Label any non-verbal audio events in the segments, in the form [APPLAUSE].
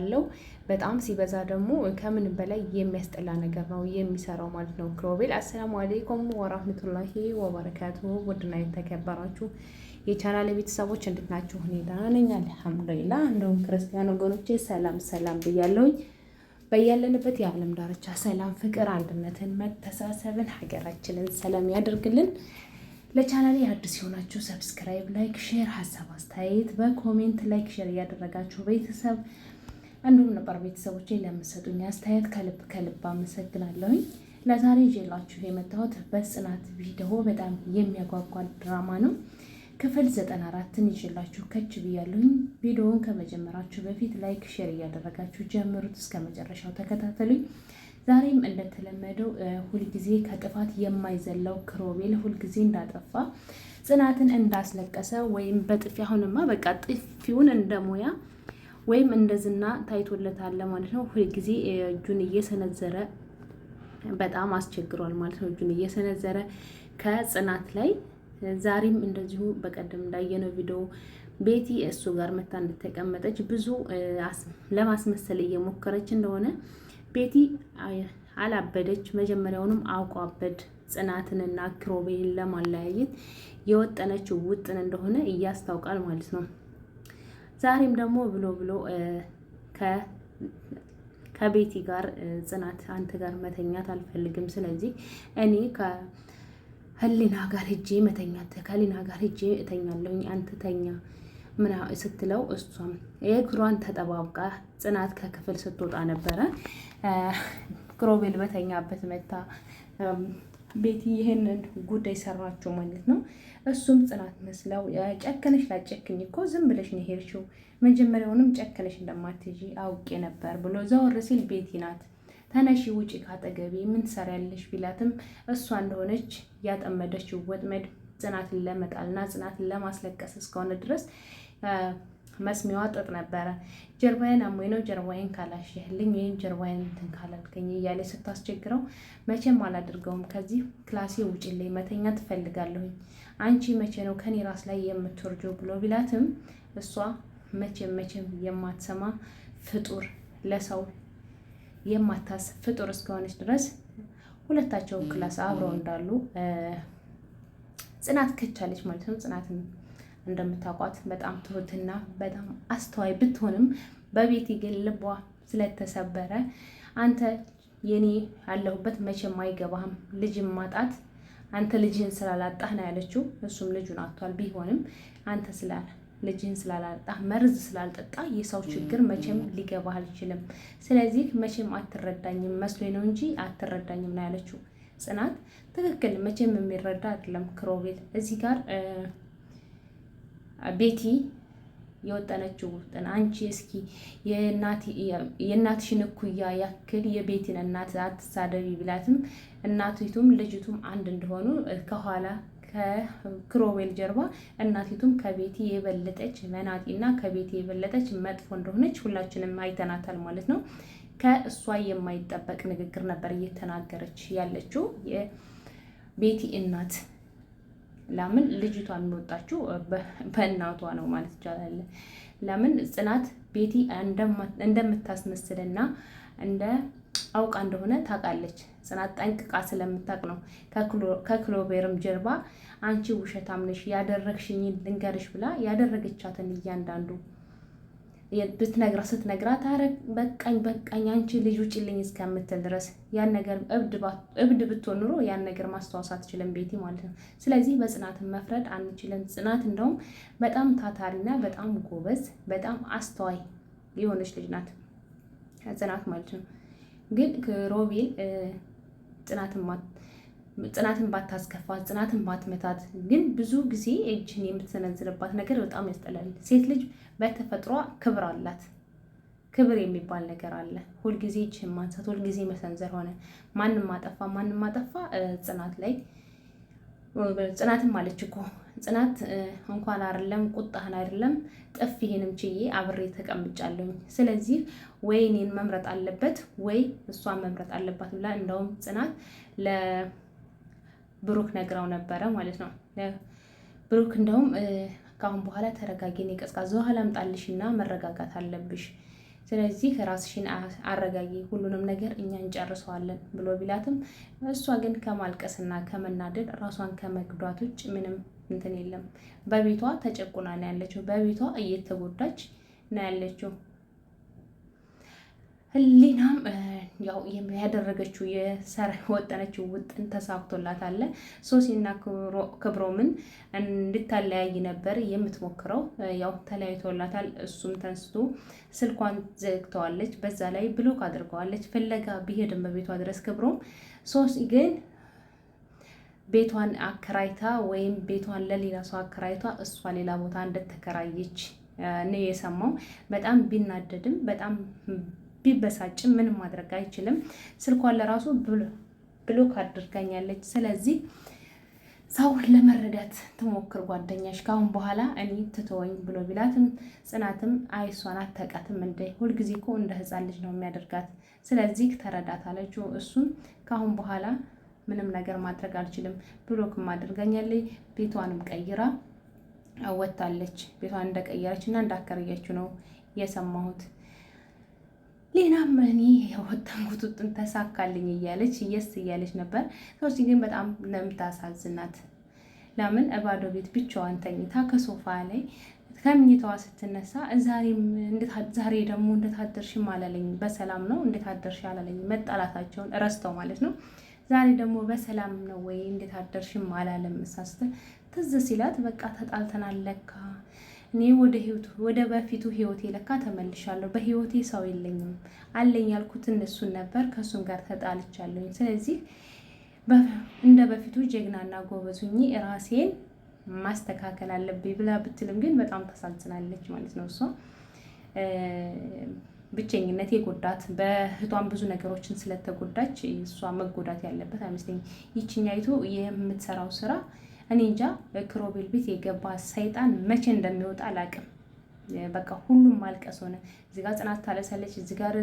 ያለው በጣም ሲበዛ ደግሞ ከምን በላይ የሚያስጠላ ነገር ነው የሚሰራው ማለት ነው ክሮቤል። አሰላሙ አሌይኩም ወራህመቱላሂ ወበረካቱ። ውድና የተከበራችሁ የቻናል ቤተሰቦች እንዴት ናችሁ? እኔ ደህና ነኝ አልሐምዱሊላ። እንደውም ክርስቲያን ወገኖቼ ሰላም ሰላም ብያለሁኝ። በያለንበት የዓለም ዳርቻ ሰላም፣ ፍቅር፣ አንድነትን፣ መተሳሰብን ሀገራችንን ሰላም ያደርግልን። ለቻናሌ አዲስ የሆናችሁ ሰብስክራይብ፣ ላይክ፣ ሼር፣ ሀሳብ አስተያየት በኮሜንት ላይክ ሼር እያደረጋችሁ ቤተሰብ እንዲሁም ነባር ቤተሰቦቼ ለምሰጡኝ አስተያየት ከልብ ከልብ አመሰግናለሁኝ። ለዛሬ ይዤላችሁ የመጣሁት በጽናት ቪዲዮ በጣም የሚያጓጓ ድራማ ነው። ክፍል 94ን ይዤላችሁ ከች ብያለሁኝ። ቪዲዮውን ከመጀመራችሁ በፊት ላይክ፣ ሼር እያደረጋችሁ ጀምሩት። እስከ መጨረሻው ተከታተሉኝ። ዛሬም እንደተለመደው ሁልጊዜ ከጥፋት የማይዘለው ክሮቤል ሁልጊዜ እንዳጠፋ ጽናትን እንዳስለቀሰ ወይም በጥፊ አሁንማ በቃ ጥፊውን እንደሙያ ወይም እንደዝና ታይቶለታል ማለት ነው። ሁልጊዜ እጁን እየሰነዘረ በጣም አስቸግሯል ማለት ነው። እጁን እየሰነዘረ ከጽናት ላይ ዛሬም እንደዚሁ በቀደም እንዳየነው ቪዲዮ ቤቲ እሱ ጋር መታ እንደተቀመጠች ብዙ ለማስመሰል እየሞከረች እንደሆነ ቤቲ አላበደች። መጀመሪያውንም አውቋበድ ጽናትንና ክሮቤን ለማለያየት የወጠነችው ውጥን እንደሆነ እያስታውቃል ማለት ነው። ዛሬም ደግሞ ብሎ ብሎ ከቤቲ ጋር ጽናት አንተ ጋር መተኛት አልፈልግም፣ ስለዚህ እኔ ከህሊና ጋር ሂጄ መተኛት ከህሊና ጋር ሂጄ እተኛለሁኝ አንተ ተኛ ምና ስትለው እሷም የእግሯን ተጠባብቃ ጽናት ከክፍል ስትወጣ ነበረ ክሮቤል በተኛበት መታ ቤቲ ይህንን ጉዳይ ሰራችው ማለት ነው። እሱም ጽናት መስለው ጨከነሽ ላጨክኝ እኮ ዝም ብለሽ ነው ሄድሽው፣ መጀመሪያውንም ጨከነሽ እንደማትይዢ አውቄ ነበር ብሎ ዘወር ሲል ቤቲ ናት ተነሺ ውጪ ካጠገቢ ምን ትሰሪያለሽ ቢላትም እሷ እንደሆነች ያጠመደችው ወጥመድ ጽናትን ለመጣልና ጽናትን ለማስለቀስ እስከሆነ ድረስ መስሚዋ ጥጥ ነበረ። ጀርባዬን አሞኝ ነው ጀርባዬን ካላሸህልኝ ወይም ጀርባዬን እንትን ካላልከኝ እያለ ስታስቸግረው መቼም አላድርገውም፣ ከዚህ ክላሴ ውጭ ላይ መተኛ ትፈልጋለሁኝ፣ አንቺ መቼ ነው ከኔ ራስ ላይ የምትወርጆ ብሎ ቢላትም እሷ መቼም መቼም የማትሰማ ፍጡር ለሰው የማታስ ፍጡር እስከሆነች ድረስ ሁለታቸው ክላስ አብረው እንዳሉ ጽናት ከቻለች ማለት ነው ጽናትን እንደምታውቋት በጣም ትሁትና በጣም አስተዋይ ብትሆንም በቤቲ ግን ልቧ ስለተሰበረ አንተ የኔ ያለሁበት መቼም አይገባህም፣ ልጅን ማጣት አንተ ልጅህን ስላላጣህ ነው ያለችው። እሱም ልጁን አቷል። ቢሆንም አንተ ስላል ልጅህን ስላላጣ መርዝ ስላልጠጣ የሰው ችግር መቼም ሊገባ አልችልም። ስለዚህ መቼም አትረዳኝም መስሎኝ ነው እንጂ አትረዳኝም ነው ያለችው። ጽናት ትክክል፣ መቼም የሚረዳ አይደለም ክሮቤል እዚህ ጋር ቤቲ የወጠነችው ጥን አንቺ እስኪ የእናትሽን እኩያ ያክል የቤቲን እናት አትሳደቢ ብላትም እናቲቱም ልጅቱም አንድ እንደሆኑ ከኋላ ከክሮዌል ጀርባ እናቲቱም ከቤቲ የበለጠች መናጢ እና ከቤቲ የበለጠች መጥፎ እንደሆነች ሁላችንም አይተናታል ማለት ነው። ከእሷ የማይጠበቅ ንግግር ነበር እየተናገረች ያለችው የቤቲ እናት። ለምን ልጅቷ የሚወጣችው [LAUGHS] በእናቷ ነው ማለት ይቻላል። ለምን ጽናት ቤቲ እንደምታስመስልና እንደ አውቃ እንደሆነ ታውቃለች። ጽናት ጠንቅቃ ስለምታውቅ ነው ከክሎቤርም ጀርባ አንቺ ውሸታም ነሽ ያደረግሽኝን ልንገርሽ ብላ ያደረገቻትን እያንዳንዱ ብትነግራ ስትነግራት አረ በቃኝ በቃኝ አንቺ ልጅ ውጭልኝ እስከምትል ድረስ ያን ነገር እብድ ብትሆን ኑሮ ያን ነገር ማስታወስ አትችልም ቤቲ ማለት ነው። ስለዚህ በጽናትን መፍረድ አንችልም። ጽናት እንደውም በጣም ታታሪና በጣም ጎበዝ በጣም አስተዋይ የሆነች ልጅ ናት ጽናት ማለት ነው። ግን ሮቤል ጽናትን ጽናትን ባታስከፋት፣ ጽናትን ባትመታት፣ ግን ብዙ ጊዜ እጅን የምትሰነዝርባት ነገር በጣም ያስጠላል። ሴት ልጅ በተፈጥሯ ክብር አላት። ክብር የሚባል ነገር አለ። ሁልጊዜ እጅህን ማንሳት፣ ሁልጊዜ መሰንዘር ሆነ ማንም ማጠፋ ማንም ማጠፋ ጽናት ላይ ጽናትም አለች እኮ ጽናት እንኳን አይደለም ቁጣህን አይደለም ጥፍ ይሄንም ችዬ አብሬ ተቀምጫለሁኝ። ስለዚህ ወይ እኔን መምረጥ አለበት ወይ እሷን መምረጥ አለባት ብላ እንደውም ጽናት ብሩክ ነግረው ነበረ ማለት ነው። ብሩክ እንደውም ከአሁን በኋላ ተረጋጊን፣ የቀዝቃዛ ውሃ ላምጣልሽ እና መረጋጋት አለብሽ፣ ስለዚህ ራስሽን አረጋጊ፣ ሁሉንም ነገር እኛ እንጨርሰዋለን ብሎ ቢላትም እሷ ግን ከማልቀስና ከመናደድ ራሷን ከመግዷት ውጭ ምንም እንትን የለም። በቤቷ ተጨቁና ነው ያለችው። በቤቷ እየተጎዳች ነው ያለችው ህሊናም ያው ያደረገችው የሰራ ወጠነችው ውጥን ተሳክቶላት አለ ሶሲና ክብሮምን እንድታለያይ ነበር የምትሞክረው። ያው ተለያይቶላታል። እሱም ተንስቶ ስልኳን ዘግተዋለች። በዛ ላይ ብሎክ አድርገዋለች። ፍለጋ ቢሄድም በቤቷ ድረስ ክብሮም ሶሲ ግን ቤቷን አከራይታ ወይም ቤቷን ለሌላ ሰው አከራይቷ እሷ ሌላ ቦታ እንደተከራየች ነው የሰማው። በጣም ቢናደድም በጣም ቢበሳጭም ምንም ማድረግ አይችልም። ስልኳን ለራሱ ብሎክ አድርገኛለች ስለዚህ ሰው ለመረዳት ትሞክር ጓደኛሽ ከአሁን በኋላ እኔ ትተወኝ ብሎ ቢላትም ጽናትም አይሷን አተቃትም እንደ ሁልጊዜ እኮ እንደ ህፃን ልጅ ነው የሚያደርጋት። ስለዚህ ተረዳት አለችው። እሱም ከአሁን በኋላ ምንም ነገር ማድረግ አልችልም፣ ብሎክም አድርጋኛለች፣ ቤቷንም ቀይራ ወታለች ቤቷን እንደቀየረች እና እንዳከረየችው ነው የሰማሁት። ሌናም እኔ የወጣንኩት ውጥን ተሳካልኝ እያለች የስ እያለች ነበር። ሰዎች ግን በጣም ለምታሳዝናት ለምን እባዶ ቤት ብቻዋን ተኝታ ከሶፋ ላይ ከምኝተዋ ስትነሳ ዛሬ ደግሞ እንደታደርሽም አላለኝ በሰላም ነው እንደታደርሽ አላለኝ መጣላታቸውን እረስተው ማለት ነው። ዛሬ ደግሞ በሰላም ነው ወይ እንደታደርሽም አላለም እሳስተ ትዝ ሲላት በቃ ተጣልተናል ለካ እኔ ወደ ህይወቱ ወደ በፊቱ ህይወቴ ለካ ተመልሻለሁ። በህይወቴ ሰው የለኝም አለኝ ያልኩት እነሱን ነበር። ከእሱም ጋር ተጣልቻለሁኝ። ስለዚህ እንደ በፊቱ ጀግናና ጎበዙኝ ራሴን ማስተካከል አለብኝ ብላ ብትልም ግን በጣም ተሳዝናለች ማለት ነው። እሷ ብቸኝነት የጎዳት በእህቷም ብዙ ነገሮችን ስለተጎዳች እሷ መጎዳት ያለበት አይመስለኝ ይችኛይቱ የምትሰራው ስራ እኔ እንጃ ክሮቤል ቤት የገባ ሰይጣን መቼ እንደሚወጣ አላውቅም። በቃ ሁሉም ማልቀስ ሆነ። እዚህ ጋር ጽናት ታለሰለች፣ እዚህ ጋር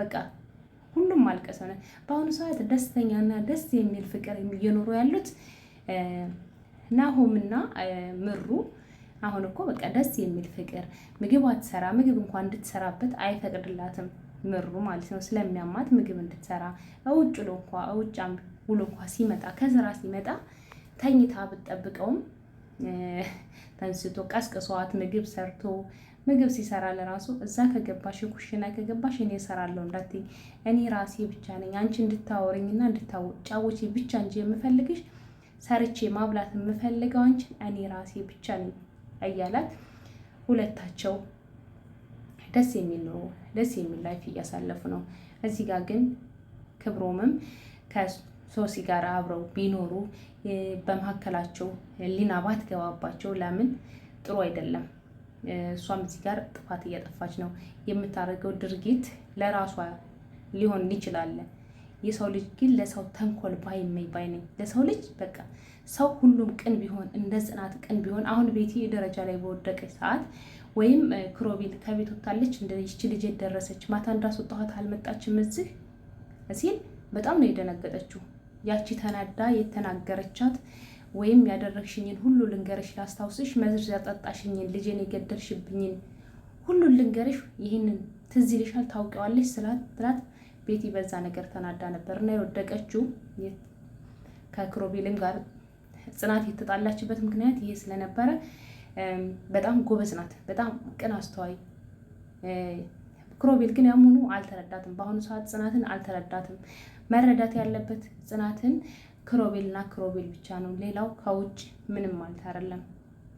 በቃ ሁሉም ማልቀስ ሆነ። በአሁኑ ሰዓት ደስተኛና ደስ የሚል ፍቅር እየኖሩ ያሉት ናሆምና ምሩ አሁን እኮ በቃ ደስ የሚል ፍቅር ምግብ አትሰራ ምግብ እንኳን እንድትሰራበት አይፈቅድላትም ምሩ ማለት ነው። ስለሚያማት ምግብ እንድትሰራ እውጭ ውሎ እንኳ እውጭ ውሎ እንኳ ሲመጣ ከስራ ሲመጣ ተኝታ ብትጠብቀውም ተንስቶ ቀስቅሷት ምግብ ሰርቶ ምግብ ሲሰራ ለራሱ እዛ ከገባሽ ኩሽና ከገባሽ እኔ እሰራለሁ እንዳትይ፣ እኔ ራሴ ብቻ ነኝ አንቺ እንድታወሪኝና እንድታጫወች ብቻ እንጂ የምፈልግሽ ሰርቼ ማብላት የምፈልገው አንቺ እኔ ራሴ ብቻ ነኝ እያላት ሁለታቸው ደስ የሚል ነው፣ ደስ የሚል ላይፍ እያሳለፉ ነው። እዚህ ጋር ግን ክብሮምም ሶሲ ጋር አብረው ቢኖሩ በመካከላቸው ሊና ባትገባባቸው ለምን ጥሩ አይደለም። እሷም እዚህ ጋር ጥፋት እያጠፋች ነው። የምታደርገው ድርጊት ለራሷ ሊሆን ይችላል። የሰው ልጅ ግን ለሰው ተንኮል ባይመኝ ባይ ነኝ። ለሰው ልጅ በቃ ሰው ሁሉም ቅን ቢሆን እንደ ጽናት ቅን ቢሆን አሁን ቤቲ ደረጃ ላይ በወደቀች ሰዓት ወይም ክሮቤል ከቤት ወታለች እንደ ይቺ ልጅ ደረሰች ማታ እንዳስወጣኋት አልመጣችም እዚህ ሲል በጣም ነው የደነገጠችው። ያቺ ተናዳ የተናገረቻት ወይም ያደረግሽኝን ሁሉ ልንገርሽ፣ ላስታውስሽ፣ መርዝ ያጠጣሽኝን፣ ልጄን የገደልሽብኝን ሁሉን ልንገርሽ፣ ይህንን ትዝ ይልሻል፣ ታውቂዋለሽ ስላት ቤቲ በዛ ነገር ተናዳ ነበር እና የወደቀችው ከክሮቤልም ጋር ጽናት የተጣላችበት ምክንያት ይሄ ስለነበረ በጣም ጎበዝ ናት። በጣም ቅን አስተዋይ ክሮቤል ግን ያሁኑ አልተረዳትም። በአሁኑ ሰዓት ጽናትን አልተረዳትም። መረዳት ያለበት ጽናትን ክሮቤልና ክሮቤል ብቻ ነው። ሌላው ከውጭ ምንም አልታረለም።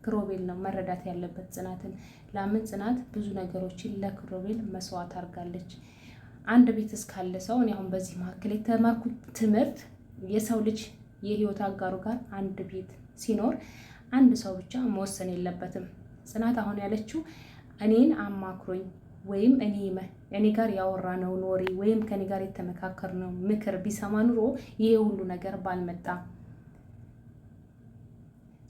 ክሮቤል ነው መረዳት ያለበት ጽናትን። ለምን ጽናት ብዙ ነገሮችን ለክሮቤል መስዋዕት አድርጋለች። አንድ ቤት እስካለ ሰው እኔ አሁን በዚህ መካከል የተማርኩት ትምህርት የሰው ልጅ የህይወት አጋሩ ጋር አንድ ቤት ሲኖር አንድ ሰው ብቻ መወሰን የለበትም። ጽናት አሁን ያለችው እኔን አማክሮኝ ወይም እኔ ጋር ነው ኖሪ ወይም ከኔ ጋር ነው ምክር ቢሰማ ኑሮ ይሄ ሁሉ ነገር ባልመጣ።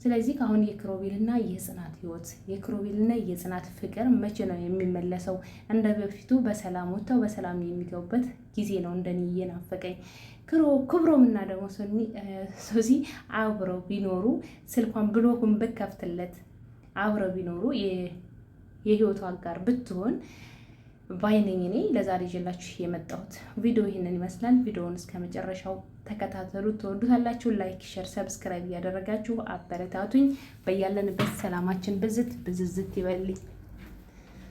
ስለዚህ አሁን የክሮቤልና የጽናት ህይወት የክሮቤልና የጽናት ፍቅር መቼ ነው የሚመለሰው? እንደ በፊቱ በሰላም ወጥተው በሰላም የሚገቡበት ጊዜ ነው እንደኔ እየናፈቀኝ። ክብሮም እና ደግሞ ሶሲ አብረው ቢኖሩ ስልኳን ብሎክን ብከፍትለት አብረው ቢኖሩ የህይወቷ አጋር ብትሆን ባይነኝ እኔ ለዛሬ ይዤላችሁ የመጣሁት ቪዲዮ ይህንን ይመስላል። ቪዲዮውን እስከ መጨረሻው ተከታተሉ። ትወዱታላችሁ። ላይክ፣ ሸር፣ ሰብስክራይብ እያደረጋችሁ አበረታቱኝ። በያለንበት ሰላማችን ብዝት ብዝዝት ይበልኝ።